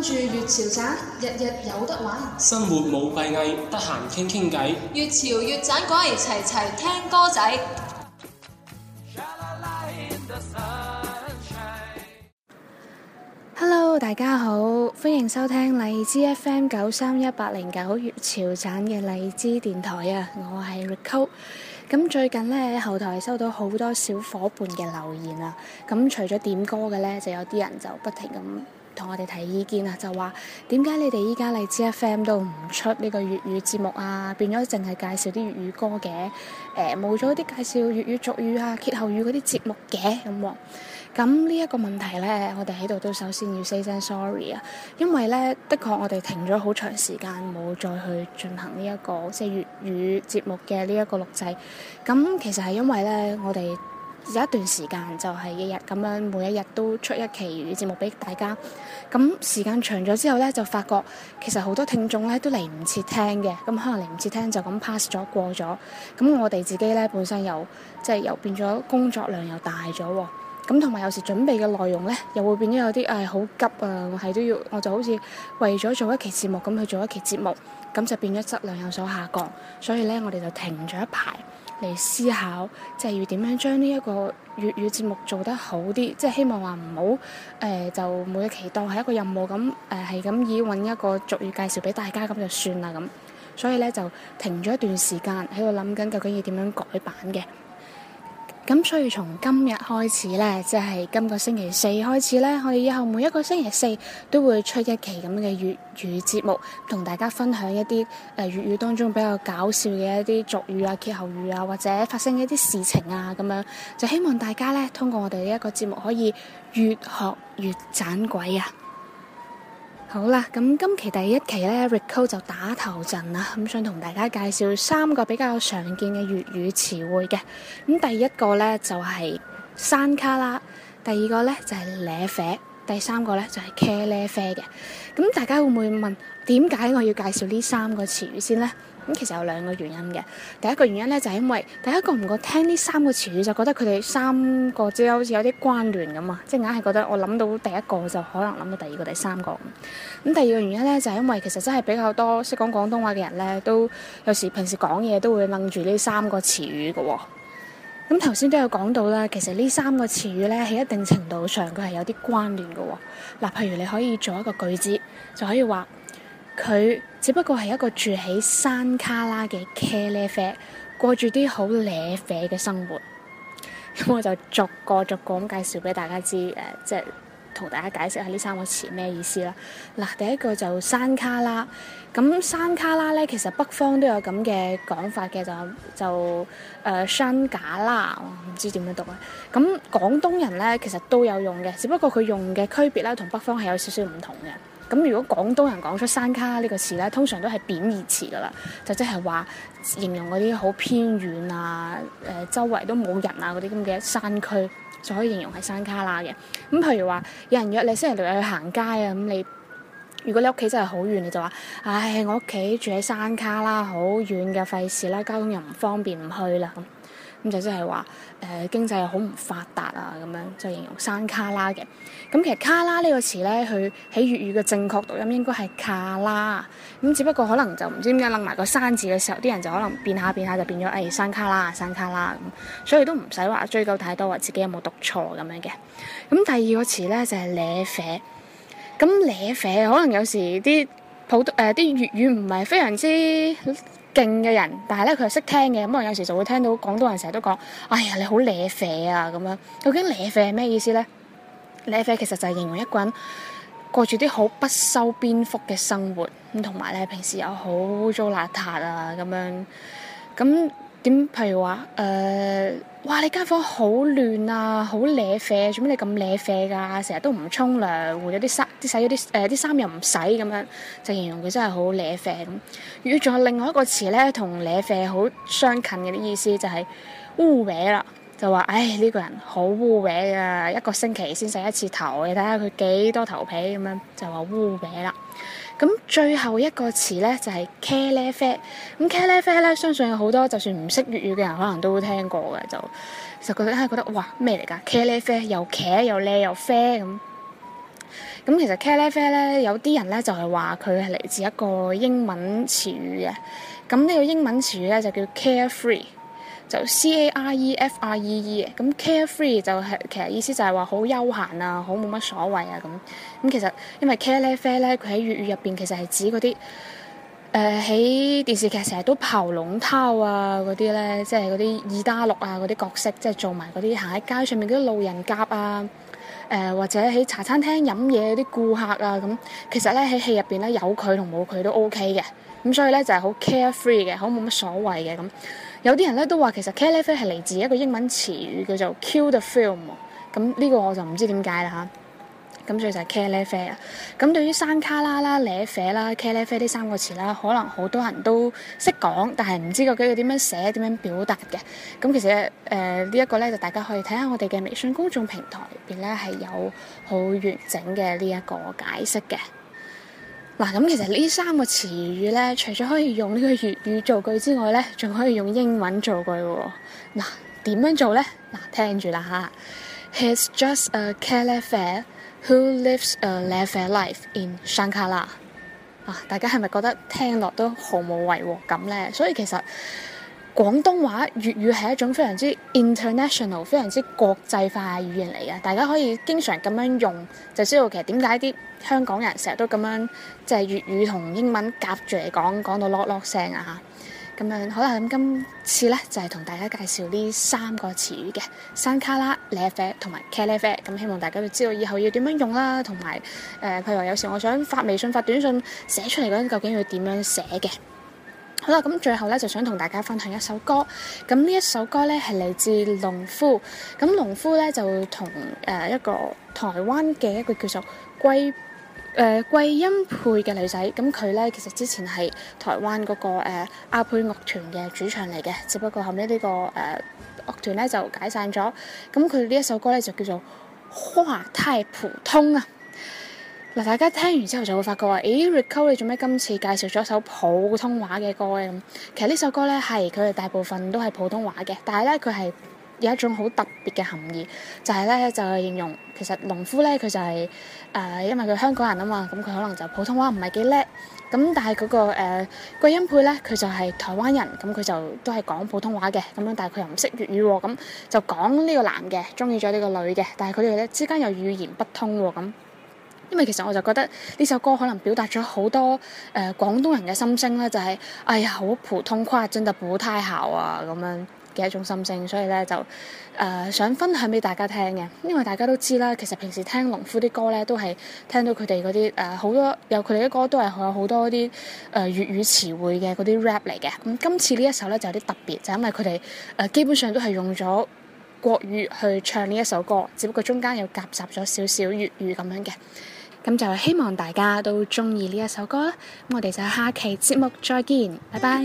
跟住粵潮盞，日日有得玩。生活冇閉翳，得閒傾傾偈，粵潮粵盞，我哋齊齊聽歌仔。Hello，大家好，歡迎收聽荔枝 FM 九三一八零九粵潮盞嘅荔枝電台啊！我係 Rico。咁最近呢，喺後台收到好多小伙伴嘅留言啊！咁除咗點歌嘅呢，就有啲人就不停咁。同我哋提意見啊，就話點解你哋依家荔枝 FM 都唔出呢個粵語節目啊，變咗淨係介紹啲粵語歌嘅，誒冇咗啲介紹粵語俗語啊、歇後語嗰啲節目嘅咁喎。咁呢一個問題咧，我哋喺度都首先要 say 聲 sorry 啊，因為咧，的確我哋停咗好長時間冇再去進行呢一個即係粵語節目嘅呢一個錄製。咁其實係因為咧，我哋。有一段時間就係日日咁樣，每一日都出一期節目俾大家。咁時間長咗之後呢，就發覺其實好多聽眾呢都嚟唔切聽嘅。咁可能嚟唔切聽就咁 pass 咗過咗。咁我哋自己呢本身又即係又變咗工作量又大咗。咁同埋有時準備嘅內容呢，又會變咗有啲誒好急啊！我係都要我就好似為咗做一期節目咁去做一期節目，咁就變咗質量有所下降。所以呢，我哋就停咗一排。嚟思考，即係要點樣將呢一個粵語節目做得好啲，即係希望話唔好誒就每一期當係一個任務咁誒係咁以揾一個俗語介紹俾大家咁就算啦咁。所以咧就停咗一段時間，喺度諗緊究竟要點樣改版嘅。咁所以從今日開始咧，即係今個星期四開始咧，我哋以後每一個星期四都會出一期咁嘅粵語節目，同大家分享一啲誒粵語當中比較搞笑嘅一啲俗語啊、歇後語啊，或者發生一啲事情啊，咁樣，就希望大家咧，通過我哋呢一個節目可以越學越盞鬼啊！好啦，咁今期第一期咧，Rico 就打頭陣啦，咁想同大家介紹三個比較常見嘅粵語詞彙嘅。咁第一個咧就係山旮旯，第二個咧就係 le fe，第三個咧就係茄哩啡嘅。咁大家會唔會問點解我要介紹呢三個詞語先呢？咁其實有兩個原因嘅。第一個原因呢，就係因為第一個唔覺聽呢三個詞語就覺得佢哋三個即係好似有啲關聯咁啊，即係硬係覺得我諗到第一個就可能諗到第二個、第三個。咁第二個原因呢，就係因為其實真係比較多識講廣東話嘅人呢，都有時平時講嘢都會掹住呢三個詞語嘅。咁頭先都有講到啦，其實呢三個詞語呢，喺一定程度上佢係有啲關聯嘅。嗱，譬如你可以做一個句子就可以話。佢只不過係一個住喺山卡拉嘅茄哩啡，過住啲好咧啡嘅生活。咁我就逐個逐個咁介紹俾大家知，誒、呃，即係同大家解釋下呢三個詞咩意思啦。嗱，第一個就山卡拉，咁山卡拉咧，其實北方都有咁嘅講法嘅，就就誒山旮旯，我唔、呃、知點樣讀啊。咁廣東人咧，其實都有用嘅，只不過佢用嘅區別咧，同北方係有少少唔同嘅。咁如果廣東人講出山旮旯呢個詞咧，通常都係貶義詞噶啦，就即係話形容嗰啲好偏遠啊、誒、呃、周圍都冇人啊嗰啲咁嘅山區，就可以形容係山旮旯嘅。咁譬如話有人約你星期六日去行街啊，咁你如果你屋企真係好遠，你就話：唉，我屋企住喺山旮旯，好遠嘅，費事啦，交通又唔方便，唔去啦。咁就即係話誒，經濟好唔發達啊咁樣，就形容山卡拉嘅。咁其實卡拉呢個詞呢，佢喺粵語嘅正確讀音應該係卡拉。咁只不過可能就唔知點解撚埋個山字嘅時候，啲人就可能變下變下就變咗誒，山卡拉、山卡拉咁。所以都唔使話追究太多，話自己有冇讀錯咁樣嘅。咁第二個詞呢，就係咧啡。咁咧啡可能有時啲。好多誒啲粵語唔係非常之勁嘅人，但係咧佢係識聽嘅。咁我有時就會聽到廣東人成日都講：哎呀，你好 le fe 啊咁樣。究竟 le fe 係咩意思咧？le fe 其實就係形容一個人過住啲好不修邊幅嘅生活，咁同埋咧平時又好污糟邋遢啊咁樣，咁。點？譬如話，誒、呃，哇！你間房好亂啊，好咧啡，做咩你咁咧啡㗎？成日都唔沖涼，換咗啲衫，啲洗咗啲誒啲衫又唔洗咁樣，就形容佢真係好咧啡咁。粵語仲有另外一個詞咧，同咧啡好相近嘅啲意思，就係，就係烏歪啦。就話，唉，呢個人好污歪㗎，一個星期先洗一次頭，你睇下佢幾多頭皮咁樣就，就話污歪啦。咁最後一個詞呢，就係茄哩啡。咁茄哩啡咧，相信有好多就算唔識粵語嘅人，可能都會聽過嘅，就就覺得就覺得哇咩嚟㗎？茄哩啡又茄又靚又，又啡咁。咁其實茄哩啡咧，有啲人呢，就係話佢係嚟自一個英文詞語嘅。咁呢個英文詞語呢，就叫 Carefree。就 C A R E F R E E 咁，carefree 就係、是、其實意思就係話好悠閒啊，好冇乜所謂啊咁。咁其實因為 carefree 咧，佢喺粵語入邊其實係指嗰啲誒喺電視劇成日都跑龍套啊嗰啲咧，即係嗰啲二打六啊嗰啲角色，即、就、係、是、做埋嗰啲行喺街上面嗰啲路人甲啊誒、呃，或者喺茶餐廳飲嘢嗰啲顧客啊咁。其實咧喺戲入邊咧有佢同冇佢都 OK 嘅咁，所以咧就係、是、好 carefree 嘅，好冇乜所謂嘅咁。有啲人咧都話其實茄哩啡係嚟自一個英文詞語叫做 kill the film，咁呢個我就唔知點解啦吓。咁所以就係茄哩啡啦。咁對於山旮旯啦、咧啡啦、茄哩啡呢三個詞啦，可能好多人都識講，但係唔知究竟佢點樣寫，點樣表達嘅。咁其實誒、呃這個、呢一個咧就大家可以睇下我哋嘅微信公眾平台入邊咧係有好完整嘅呢一個解釋嘅。嗱，咁其實呢三個詞語呢，除咗可以用呢個粵語，語造句之外呢，仲可以用英文造句喎。嗱，點樣做呢？嗱，聽住啦吓，「He's just a carefree who lives a le fe life in Shanghara」。大家係咪覺得聽落都毫無違和感呢？所以其實，廣東話粵語係一種非常之 international、非常之國際化嘅語言嚟嘅，大家可以經常咁樣用，就知道其實點解啲香港人成日都咁樣即係、就是、粵語同英文夾住嚟講，講到落落聲啊嚇。咁、嗯、樣好啦，咁、嗯、今次呢，就係、是、同大家介紹呢三個詞語嘅山旮旯、叻啡同埋茄哩啡，咁希望大家要知道以後要點樣用啦，同埋、呃、譬如話有時我想發微信、發短信寫出嚟嗰陣，究竟要點樣寫嘅。好啦，咁最後咧就想同大家分享一首歌，咁呢一首歌咧係嚟自農夫，咁農夫咧就同誒、呃、一個台灣嘅一個叫做季誒季欣霈嘅女仔，咁佢咧其實之前係台灣嗰、那個、呃、阿配樂團嘅主唱嚟嘅，只不過後尾呢、這個誒、呃、樂團咧就解散咗，咁佢呢一首歌咧就叫做《話太普通》啊。嗱，大家聽完之後就會發覺啊，咦、欸、Rico 你做咩今次介紹咗首普通話嘅歌咧？咁其實呢首歌呢，係佢哋大部分都係普通話嘅，但係呢，佢係有一種好特別嘅含義，就係、是、呢，就係形容其實農夫呢，佢就係、是、誒、呃，因為佢香港人啊嘛，咁、嗯、佢可能就普通話唔係幾叻，咁、嗯、但係嗰、那個誒季、呃那個、欣霈咧佢就係台灣人，咁、嗯、佢就都係講普通話嘅，咁、嗯、樣但係佢又唔識粵語喎，咁、嗯、就講呢個男嘅中意咗呢個女嘅，但係佢哋呢之間又語言不通喎，咁、嗯。因為其實我就覺得呢首歌可能表達咗好多誒廣、呃、東人嘅心聲啦，就係、是、哎呀好普通誇張嘅補胎校啊咁樣嘅一種心聲，所以咧就誒、呃、想分享俾大家聽嘅。因為大家都知啦，其實平時聽農夫啲歌咧都係聽到佢哋嗰啲誒好多有佢哋啲歌都係有好多啲誒粵語詞彙嘅嗰啲 rap 嚟嘅。咁、嗯、今次呢一首咧就有啲特別，就是、因為佢哋誒基本上都係用咗國語去唱呢一首歌，只不過中間有夾雜咗少少粵語咁樣嘅。咁就希望大家都中意呢一首歌啦！咁我哋就下期節目再見，拜拜。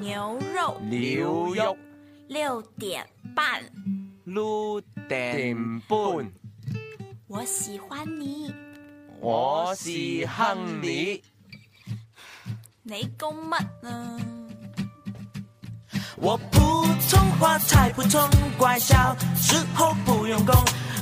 牛肉，牛肉，六點半，六點半。我喜歡你，我係 Honey。你講乜啊？我普通話太普通，怪小時候不用功。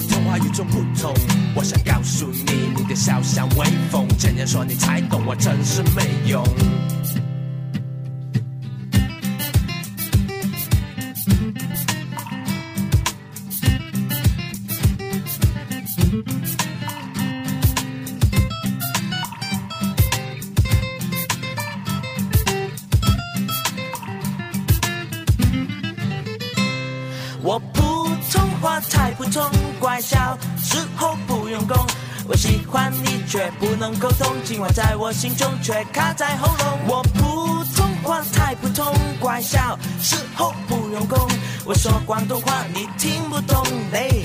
普通話與眾不同，我想告訴你，你的笑像微風。別人說你才懂我，我真是沒用。我普通話太普通。小時候不用功，我喜歡你卻不能溝通，今晚在我心中卻卡在喉嚨。我普通話太普通，怪笑。小時候不用功，我說廣東話你聽不懂嘞。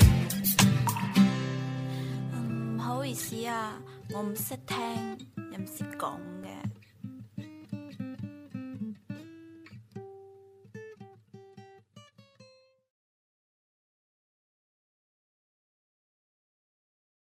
嗯，唔好意思啊，我唔識聽，又唔識講嘅。